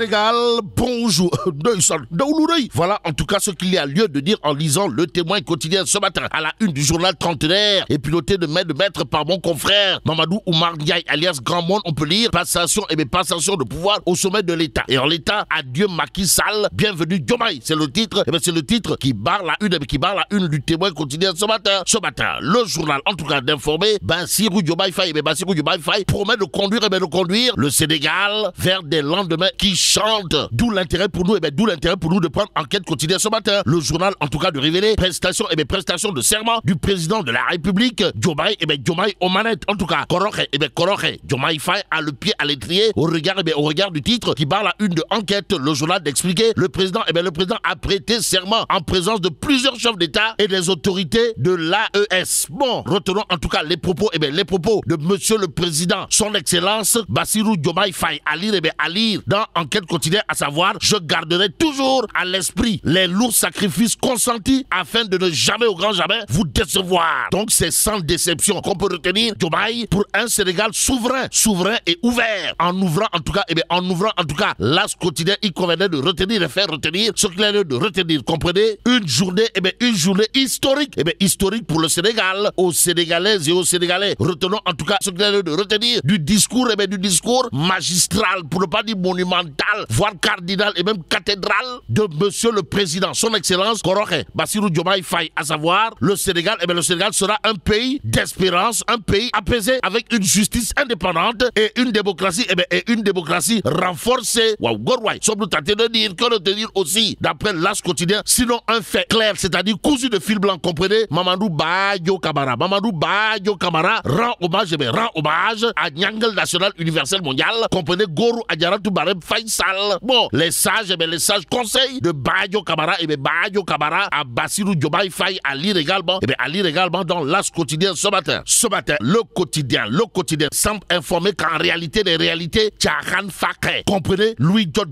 Sénégal, bonjour. Voilà en tout cas ce qu'il y a lieu de dire en lisant le témoin quotidien ce matin à la une du journal trentenaire et piloté de main de maître par mon confrère Mamadou Oumar Ndiaye alias Grand Monde, on peut lire passation et eh mais passation de pouvoir au sommet de l'État. Et en l'État, adieu Macky Sall, bienvenue Diomaye. C'est le titre, eh c'est le titre qui barre la une, eh qui barre la une du témoin quotidien ce matin. Ce matin, le journal en tout cas d'informer, Bassirou Diomaye Faye, et si Bassirou Diomaye Faye promet de conduire, et de conduire le Sénégal vers des lendemains qui D'où l'intérêt pour nous, et eh bien d'où l'intérêt pour nous de prendre enquête quotidienne ce matin. Le journal, en tout cas, de révéler prestations, et eh bien prestations de serment du président de la République, Djomai et eh bien aux En tout cas, Koroké et bien Kororé, Faye a le pied à l'étrier au regard, et au regard du titre qui parle à une de enquête. Le journal d'expliquer le président, et bien le président a prêté serment en présence de plusieurs chefs d'État et des autorités de l'AES. Bon, retenons en tout cas les propos, et bien les propos de monsieur le président, son excellence, Bassirou Djomai Faye, à lire, et bien à lire dans enquête continuer à savoir, je garderai toujours à l'esprit les lourds sacrifices consentis afin de ne jamais au grand jamais vous décevoir. Donc c'est sans déception qu'on peut retenir Dubaï pour un Sénégal souverain, souverain et ouvert. En ouvrant en tout cas, et eh bien en ouvrant en tout cas l'as quotidien, il convenait de retenir et faire retenir ce qu'il a de retenir. Comprenez Une journée, et eh une journée historique, et eh historique pour le Sénégal, aux Sénégalaises et aux Sénégalais. Retenons en tout cas ce qu'il a de retenir du discours, et bien du discours magistral, pour ne pas dire monumental voire cardinal, et même cathédrale de Monsieur le Président, Son Excellence Korokhe Bassirou Diomaye Faye, à savoir le Sénégal. Et eh bien le Sénégal sera un pays d'espérance, un pays apaisé avec une justice indépendante et une démocratie. et eh bien, et une démocratie renforcée. Wow, Gorway, sommes-nous tentés de dire que de tenir aussi, d'après l'As quotidien, sinon un fait clair, c'est-à-dire cousu de fil blanc, comprenez Mamadou Bayo Kamara. Mamadou Bayo rend hommage, et eh bien, rend hommage à Nyangle National Universel Mondial, comprenez Gorou Adjaratou Barem Faye salle. Bon, les sages, mais eh les sages conseillent de Bayo Kamara, et eh Bayo Kamara à Bassirou Diomaye Faye à lire également, et eh à lire également dans l'As quotidien ce matin. Ce matin, le quotidien, le quotidien semble informer qu'en réalité les réalités, Tcharan Fakre, comprenez, Louis Jot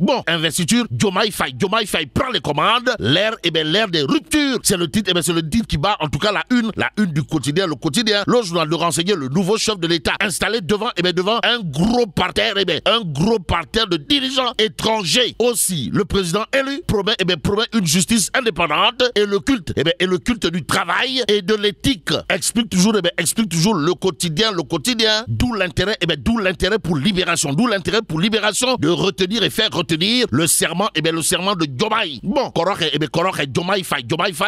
Bon, investiture, Diomaye Faye, Diomaye Faye prend les commandes, l'air, et bien l'air des ruptures. C'est le titre, et bien c'est le titre qui bat en tout cas la une, la une du quotidien, le quotidien, le journal de renseigner le nouveau chef de l'État installé devant, et bien devant un gros parterre, et bien un gros parterre de dirigeants étrangers. Aussi, le président élu promet, et eh promet une justice indépendante et le culte, et eh et le culte du travail et de l'éthique. Explique toujours, et eh explique toujours le quotidien, le quotidien. D'où l'intérêt, et ben d'où l'intérêt pour libération, d'où l'intérêt pour libération de retenir et faire retenir le serment, et bien, le serment de Jomai. Bon, Korok, et bien,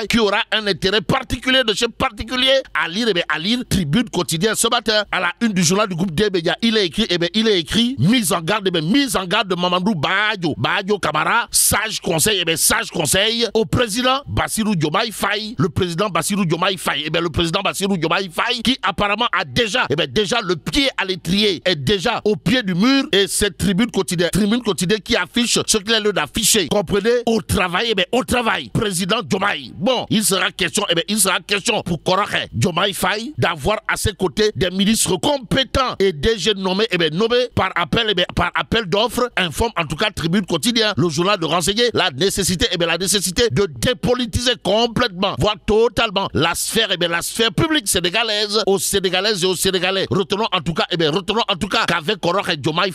qui aura un intérêt particulier de chez particulier à lire, eh bien, à Tribune quotidien ce matin à la une du journal du groupe des Il est écrit, et bien, il est écrit mise en garde, mise en garde de Mamandou Badio, Badio Kamara, sage conseil, et eh bien sage conseil au président Bassirou Diomaye Faye. Le président Bassirou Diomaye Faye, et eh bien le président Bassirou Diomaye Faye qui apparemment a déjà, et eh bien déjà le pied à l'étrier, est déjà au pied du mur et cette tribune quotidienne, tribune quotidienne qui affiche ce qu'il est lieu d'afficher. Comprenez Au travail, et au travail. Président Diomaye. Bon, il sera question, et bien il sera question pour Korahé Diomaye Faye d'avoir à ses côtés des ministres compétents et déjà nommés, et bien nommés par appel, et bien par appel d'offres informe en tout cas Tribune Quotidien, le journal de renseigner la nécessité, et eh bien la nécessité de dépolitiser complètement, voire totalement la sphère, et eh bien la sphère publique sénégalaise aux Sénégalaises et aux Sénégalais. Retenons en tout cas, et eh bien en tout cas qu'avec Korok et Jomai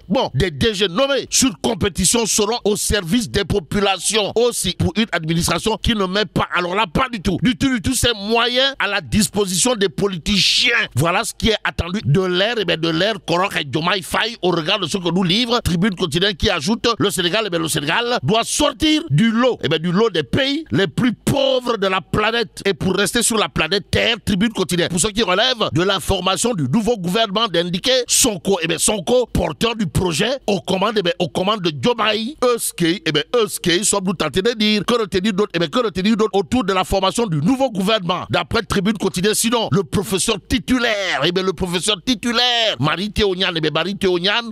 Bon, des DG nommés sur compétition seront au service des populations aussi pour une administration qui ne met pas, alors là pas du tout, du tout, du tout ces moyens à la disposition des politiciens. Voilà ce qui est attendu de l'air, et bien de l'air Korok Diomaye Faye au regard de ce que nous livre Tribune quotidienne qui ajoute le Sénégal, et eh bien le Sénégal doit sortir du lot, et eh bien du lot des pays les plus pauvres de la planète. Et pour rester sur la planète Terre, Tribune quotidienne, pour ce qui relève de la formation du nouveau gouvernement d'indiquer Sonko, et eh bien Sonko, porteur du projet, aux commandes, aux commandes de Diomaye, Euskei, et bien Euskei, sommes-nous tentés de dire, que retenir d'autres, et bien que retenir d'autres autour de la formation du nouveau gouvernement, d'après Tribune quotidienne, sinon le professeur titulaire, et bien le professeur titulaire, Marie Théonia et bien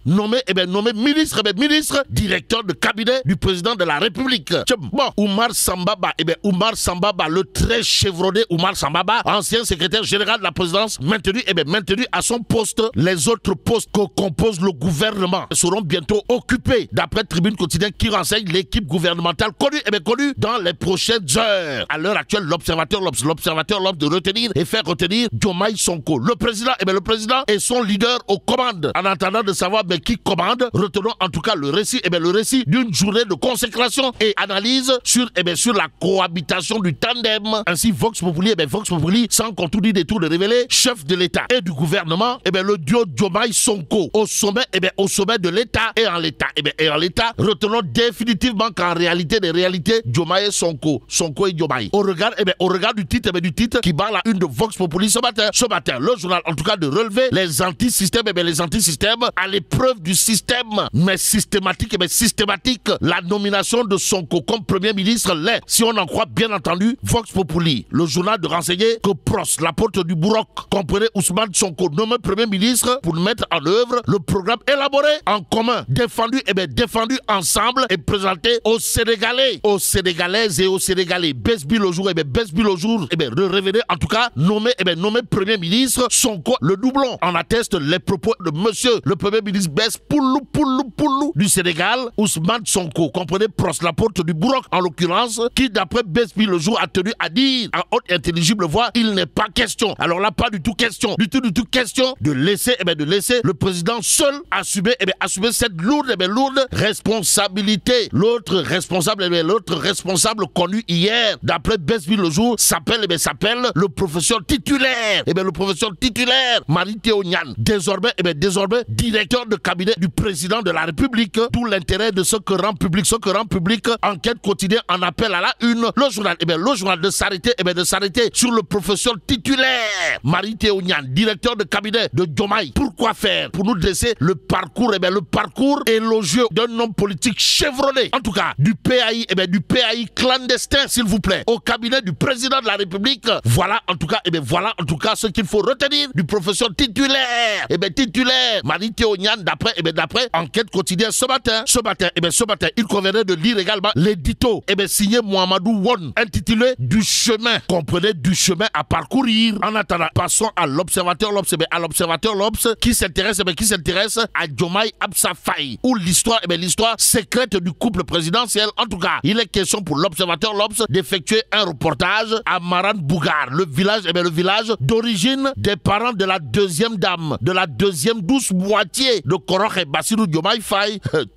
nommé, et eh bien nommé ministre, et eh ministre, directeur de cabinet du président de la République. Bon, Oumar Sambaba, et eh bien Oumar Sambaba, le très chevronné Oumar Sambaba, ancien secrétaire général de la présidence, maintenu, et bien maintenu à son poste. Les autres postes que compose le gouvernement seront bientôt occupés, d'après Tribune quotidienne qui renseigne l'équipe gouvernementale connue, et bien connue dans les prochaines heures. À l'heure actuelle, l'observateur, l'observateur, l'homme de retenir et faire retenir Diomaye Sonko. Le président, et bien le président et son leader aux commandes. En attendant de savoir mais qui commande, retenons en tout cas le récit, et eh bien le récit d'une journée de consécration et analyse sur, et eh bien sur la cohabitation du tandem. Ainsi, Vox Populi, eh Vox Populi, sans qu'on tout dit des tours de révéler, chef de l'État et du gouvernement, et bien le duo Diomaye Sonko au sommet, et bien au sommet de l'État et en l'État, et bien et en l'État, retenons définitivement qu'en réalité des réalités, et Sonko, Sonko et Diomaye. Au regarde et bien au regard du titre, du titre qui bat la une de Vox Populi ce matin, ce matin, le journal en tout cas de relever les antisystèmes, et bien les du système à l'épreuve du système. Mais systématique, mais eh systématique, la nomination de Sonko comme Premier ministre l'est, si on en croit bien entendu Vox Populi, le journal de renseigner que Pros, porte du Bourroc, comprenait Ousmane Sonko, nommé Premier ministre pour mettre en œuvre le programme élaboré en commun, défendu et eh bien défendu ensemble et présenté aux Sénégalais, aux Sénégalaises et aux Sénégalais. baisse-bille au jour, et eh bien au jour, et bien bien révéler en tout cas nommé, et bien nommé Premier ministre Sonko, le doublon. En atteste les propos de monsieur le premier ministre baisse poulou, poulou, poulou du Sénégal, Ousmane Sonko, comprenez, pros la porte du Bourroc en l'occurrence, qui d'après Bespi le jour a tenu à dire à haute intelligible voix, il n'est pas question. Alors là, pas du tout question, du tout, du tout question de laisser, eh bien, de laisser le président seul assumer, eh bien, assumer cette lourde, et eh lourde responsabilité. L'autre responsable, l'autre responsable connu hier, d'après Bespi le jour, s'appelle, et bien, s'appelle le professeur titulaire, bien, le professeur titulaire, Marie Théonian. Désormais, bien, désormais, directeur de cabinet du président de la République. Tout l'intérêt de ce que rend public, ce que rend public, enquête quotidienne en appel à la une. Le journal, et eh bien, le journal de s'arrêter, et eh bien, de s'arrêter sur le professeur titulaire. Marie Théonian, directeur de cabinet de Djomaï. Pourquoi faire Pour nous dresser le parcours, et eh bien, le parcours élogieux d'un homme politique chevronné. En tout cas, du PAI, et bien, du PAI clandestin, s'il vous plaît, au cabinet du président de la République. Voilà, en tout cas, et bien, voilà, en tout cas, ce qu'il faut retenir du professeur titulaire. et bien, titulaire Marie d'après, et eh bien, d'après enquête quotidienne ce matin. Ce matin, et eh bien, ce matin, il conviendrait de lire également l'édito, et eh bien, signé Mohamedou Won, intitulé Du chemin. Comprenez, du chemin à parcourir. En attendant, passons à l'observateur Lobs, à l'observateur Lobs, qui s'intéresse, qui s'intéresse à Jomai Absafai, Ou l'histoire, et bien, l'histoire secrète du couple présidentiel. En tout cas, il est question pour l'observateur Lobs d'effectuer un reportage à Maran Bougar, le village, et bien, le village d'origine des parents de la deuxième dame, de la deuxième dame douze moitié de Korok et Bassirou Diomaye Faye.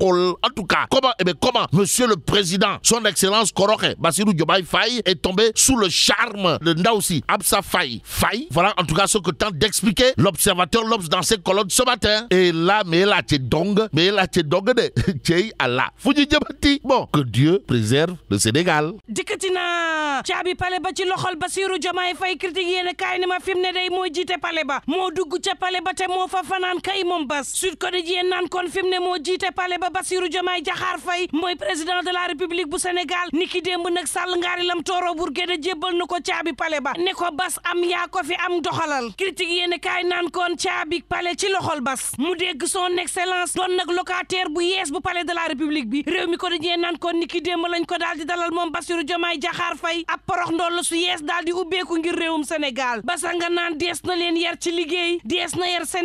Euh, en tout cas, comment, eh bien, comment, monsieur le président, son excellence Koroche et Bassirou Diomaye Faye est tombé sous le charme de Ndaoussi Absa Faye. Faye, voilà en tout cas ce que tente d'expliquer l'observateur Lobs dans ses colonnes ce matin. Et là, mais là, t'es dong, mais là, t'es dong de Tchei Allah. Fouji Djabati. Bon, que Dieu préserve le Sénégal. Dikatina, Tchabi Paleba, Tchilokhol Bassirou Diomaye Faye critique les cas... ni ma ne day mooy jiite pale ba moo fa fanaan kay moom bas Sud Quotidien naan kon fi mu ne moo jiite palais ba Bassirou Diomaye Diakhar Faye mooy président de la République bu Sénégal niki dem nag sàll ngaari lam tooro bur géda jébbal na ko caabi pale ba ne ko bas am yaa ko fi am doxalal critique yéen kaay naan kon caabi palais ci loxol bas mu dégg son excellence doon nag locataire bu yees bu palais de la République bi réew mi Quotidien naan kon niki démb lañ ko daal di dalal moom ba Diomaye Diakhar Faye ab porox ndoll su yees daal di ubbeeku ngir réewum Sénégal basa nga naan ci liggéey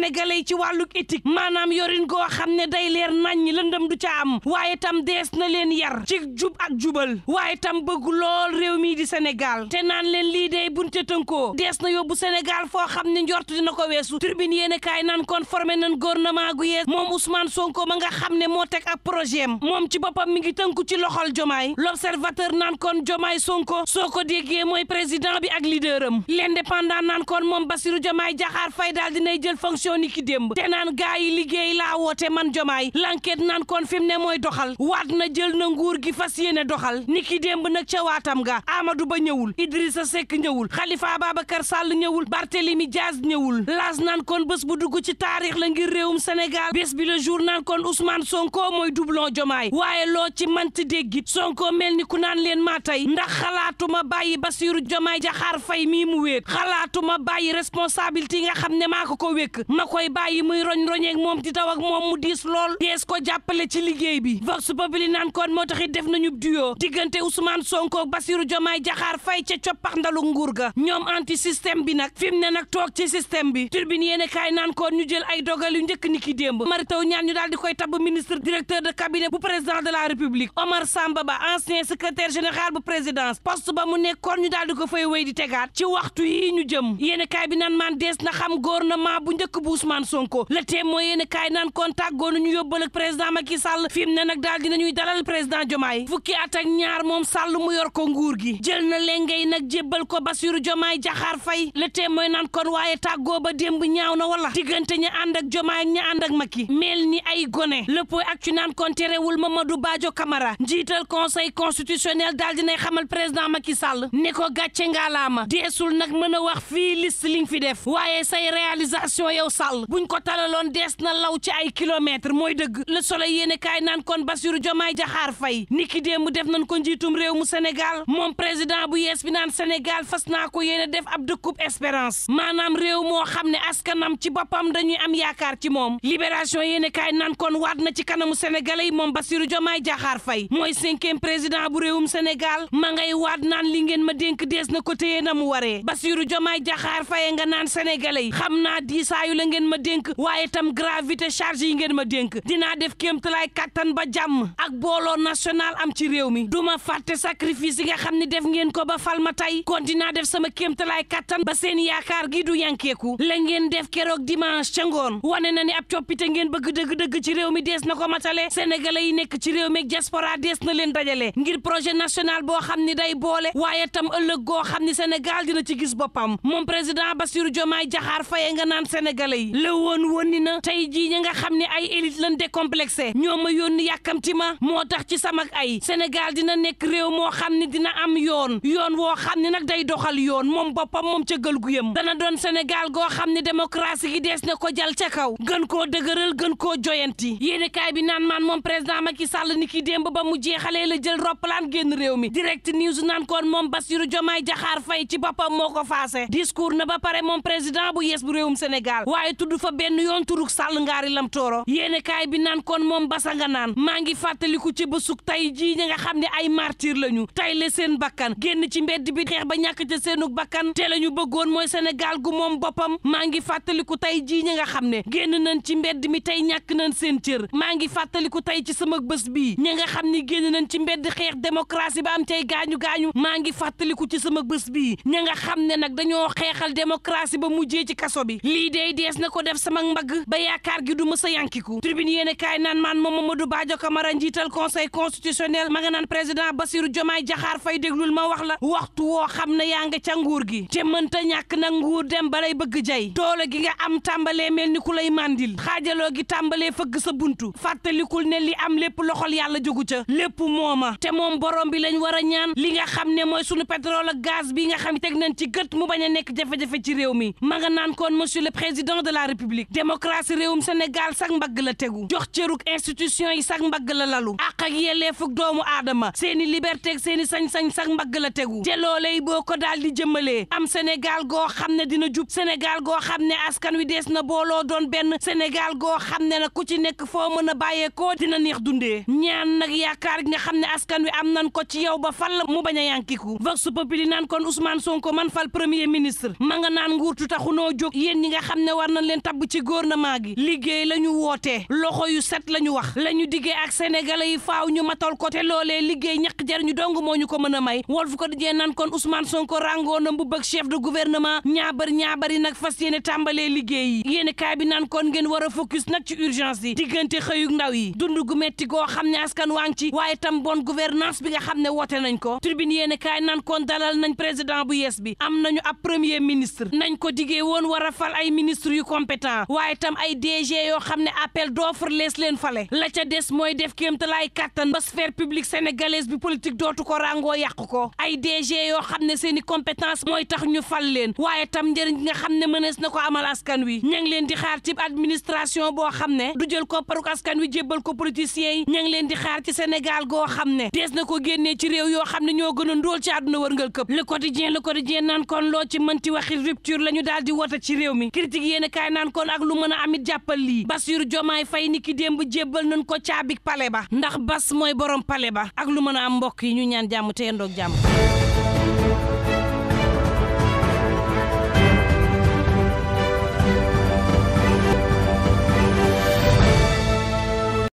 sénégalais yi ci wàlluk éthique maanaam yorin goo xam ne day leer naññ lëndëm du ca am waaye tam dees na leen yar ci jub ak jubal waaye tam bëgg lool réew mii di Sénégal te naan leen lii dey bunte tënkoo dees na yóbbu Sénégal foo xam ne njort dina ko weesu turbine yéen kaay naan kon formé nan gouvernement gu yees moom Ousmane Sonko ma nga xam ne moo teg ab projet moom ci boppam mi ngi tënku ci loxol Jomaay l'observateur naan kon Jomaay Sonko soo ko déggee mooy président bi ak leader am l'indépendant naan kon moom Bassirou Jomaay Jaxaar jël fonction décision ki demb té nan gaay yi liggéey la woté man jomaay l'enquête nan kon fim mu ne doxal wat na jël na nguur gi fasiyéné doxal niki demb nak ci watam ga Amadou Ba ñewul Idrissa sek ñewul Khalifa Sall ñewul Barthélemy jazz ñewul las nan kon bës bu dugg ci taarix la ngir réewum Sénégal bës bi le jour kon Ousmane Sonko moy doublon jomaay wayé lo ci ti déggit Sonko mel ni ku nan len ma tay ndax xalaatuma bayyi basirou Jomaay Jaxaar Fay mi mu wéet xalaatuma bayyi responsabilité nga xamné mako ko wék ma da koy bàyyi muy roñ-roñeeg moom di daw ak moom mu diis lool dees ko jàppale ci liggéey bi vox populi naan kon moo taxit def na nañu duo diggante Ousmane Sonko Bassirou Diomaye jaxaar fay ca coppax ndalu nguur ga ñoom anti système bi nag fi mu ne nag toog ci système bi turbine yéene kaay naan kon ñu jël ay dogal yu njëkk ni ki démb Mary Teuw Niane ñu daal di koy tabb ministre directeur de cabinet bu président de la république Omar Samba Ba ancien secrétaire général bu ba mu nekkoon ñu daal di ko fay wéy di tegaat ci waxtu yi ñu jëm yéene kaay bi naan maan dees na xam gouvernement bu njëkk bu Ousmane Sonko le témoin yéen a kaay naan contact goonu ñu yóbbal ak président Macky Sall fi ne nag daal dinañuy dalal président Diomaye fukki at ñaar moom Sall mu yor ko nguur gi jël na lengay nag jébbal ko Bassirou Diomaye Diakhar Faye le témoin naan kon waaye tàggoo ba démb ñaaw na wala diggante ña ànd ak Diomaye ak ña ànd ak Macky mel ni ay gone le point ak ci naan kon ma Mamadou Badio Camara njiital conseil constitutionnel daal dinay xamal président Macky Sall ne ko gàcce ngaalaama deesul nag mën a wax fii liste li nga fi def waaye say réalisation yow Sall buñ ko talaloon dees na law ci ay kilomètres mooy dëgg la soleil yéene kaay naan kon Bassirou Diomaye Diakhar Faye niki démb def nañ ko njiitum réew mu Sénégal moom président bu yeesu bi naan Sénégal fas naa ko yéene def ab dëkkub espérance maanaam réew moo xam ne askanam ci boppam dañuy am yaakaar ci moom libération yéene kaay naan kon waat na ci kanamu sénégalais yi moom Bassirou Diomaye Diakhar fay mooy cinquième président bu réewum Sénégal ma ngay waat naan li ngeen dénk dees na ko na mu waree Bassirou Diomaye Diakhar Faye nga naan sénégalais yi la ngeen ma dénk waaye tam gravité charge yi ngeen ma dénk dinaa def kéemtalaay kàttan ba jàmm ak booloo national am ci réew mi duma fàtte sacrifice yi nga xam ni def ngeen ko ba fal ma tey kon dinaa def sama kéemtalaay kàttan ba seen yaakaar gi du yankeeku la ngeen def keroog dimanche ca ngoon wane na ne ab coppite ngeen bëgg dëgg-dëgg ci réew mi dees na ko matale sénégalais yi nekk ci réew mi ak diaspora dees na leen dajale ngir projet national boo xam ni day boole waaye tam ëllëg goo xam ni Sénégal dina ci gis boppam moom président Bassirou Diomaye Diakhar Faye nga naan sénégalais sénégalais yi la woon ni na tey jii ñi nga xam ne ay élite lan de décomplexé ñoom ma yónni yàkkamti ma moo tax ci samak ay Sénégal dina nekk réew moo xam ne dina am yoon yoon woo xam ne nag day doxal yoon moom boppam moom ca gël gu yëm dana doon Sénégal goo xam ne démocratie gi dees na ko jal ca kaw gën koo dëgëral gën koo joyanti yéeni kaay bi naan maan moom président Macky Sall ni ki démb ba mu jeexalee la jël roppalaan génn réew mi direct news naan koon moom Bassirou Diomaye Diakhar Faye ci boppam moo ko faase discours na ba pare moom président bu yees bu réewum Sénégal waaye tudd fa benn yoon turuk sàll ngaari lam tooro yéene bi naan koon moom basa nga naan maa ngi fàttaliku ci bésug tey jii ña nga xam ni ay martir lañu tey le seen bakkan génn ci mbedd bi xeex ba ñàkk ca seenu bakkan te la ñu bëggoon mooy Sénégal gu moom boppam maa ngi fàttaliku tey jii ña nga xam ne génn nañ ci mbedd mi tey ñàkk nañ seen cër maa ngi fàttaliku tey ci sama bës bii ña nga xam ne génn nañ ci mbedd xeex démocratie ba am tey gaañu gaañu maa ngi fàttaliku ci sama bés bii ña nga xam ne nag dañoo xeexal démocratie ba mujjee ci kaso bi lii day des na ko def sama mag ba yaakaar gi du mësa yankiku tribune yene kay nan man moom Mamadou Badio Camara njital conseil constitutionnel ma nga nan president basirou Diomaye jahar fay deglul ma wax la waxtu wo xamna ya nga ca nguur gi te ñak na nguur dem balay bëgg jey doole gi nga am tambale melni ku lay gi tambale feug sa buntu fàttalikul ne li am lepp loxol yalla jogu ca lepp mooma te mom borom bi lañ wara ñaan li nga xamne moy sunu pétrole ak gaz bi nga xam tek nañ ci geut mu baña nek jafé jafé ci réew mi ma nga nan kon monsieur le président de la république démocratie réewum Sénégal sak mbagg la tegu jox cëruk institution yi sak mbagg la lalu àq ak yelleefuk doomu aadama seeni liberté ak seeni sañ-sañ sak mbagg la tegu te loolee boo ko daal di jëmmalee am Sénégal goo xam ne dina jub Sénégal goo xam ne askan wi dees na booloo doon benn Sénégal goo xam ne na ku ci nekk foo mën a bàyyee koo dina neex dundee ñaan nag yaakaar gi nga xam ne askan wi am nan ko ci yow ba fal mu bañ a yankiku vox populi naan kon Ousmane Sonko man fal premier ministre nañ leen tabb ci gouvernement gi liggéey la ñu wootee loxo yu set la ñu wax la ñu diggee ak sénégalais yi faaw ñu matool ko te loolee liggéey ñaq ñu dong moo ñu ko mën a may fu ko Quotidien nan kon Ousmane Sonko ràngoo na mbubb ak chef de gouvernement ñaabar ñaabari nag fas yéene tàmbalee liggéey yi yéene kaay bi nan kon ngeen war a focus nag ci urgence yi diggante xëyug ndaw yi dund gu metti goo xam ne askan waa ngi ci waaye tam bonne gouvernance bi nga xam ne woote nañ ko tribune yéene kaay nan kon dalal nañ président bu yees bi am nañu ab premier ministre nañ ko diggee woon yu compétent waaye tam ay DG yoo xam ne appel d'offre lees leen fale la ca des mooy def kéemtalaay kàttan ba sphère publique sénégalaise bi politique dootu ko ràngoo yàq ko ay DG yoo xam ne seen i compétence mooy tax ñu fal leen waaye tam njëriñ nga xam ne mën mënees na ko amal askan wi ña ngi leen di xaar ci administration boo xam ne du jël ko paruk askan wi jébbal ko politiciens yi ña ngi leen di xaar ci Sénégal goo xam ne dees na ko génnee ci réew yoo xam ne ñoo gën a ndóol ci àdduna wërngal këpp le quotidien le quotidien naan kon loo ci mënti waxi rupture la ñu daal di wota mi yéen kaay naan kon ak lu mën a amit jàppal lii Bassirou Diomaye fay ni ki démb jébbal nañ ko caabik pale ba ndax bas mooy borom pale ba ak lu mën a am mbokk yi ñu ñaan jàmm te yendoog jàmm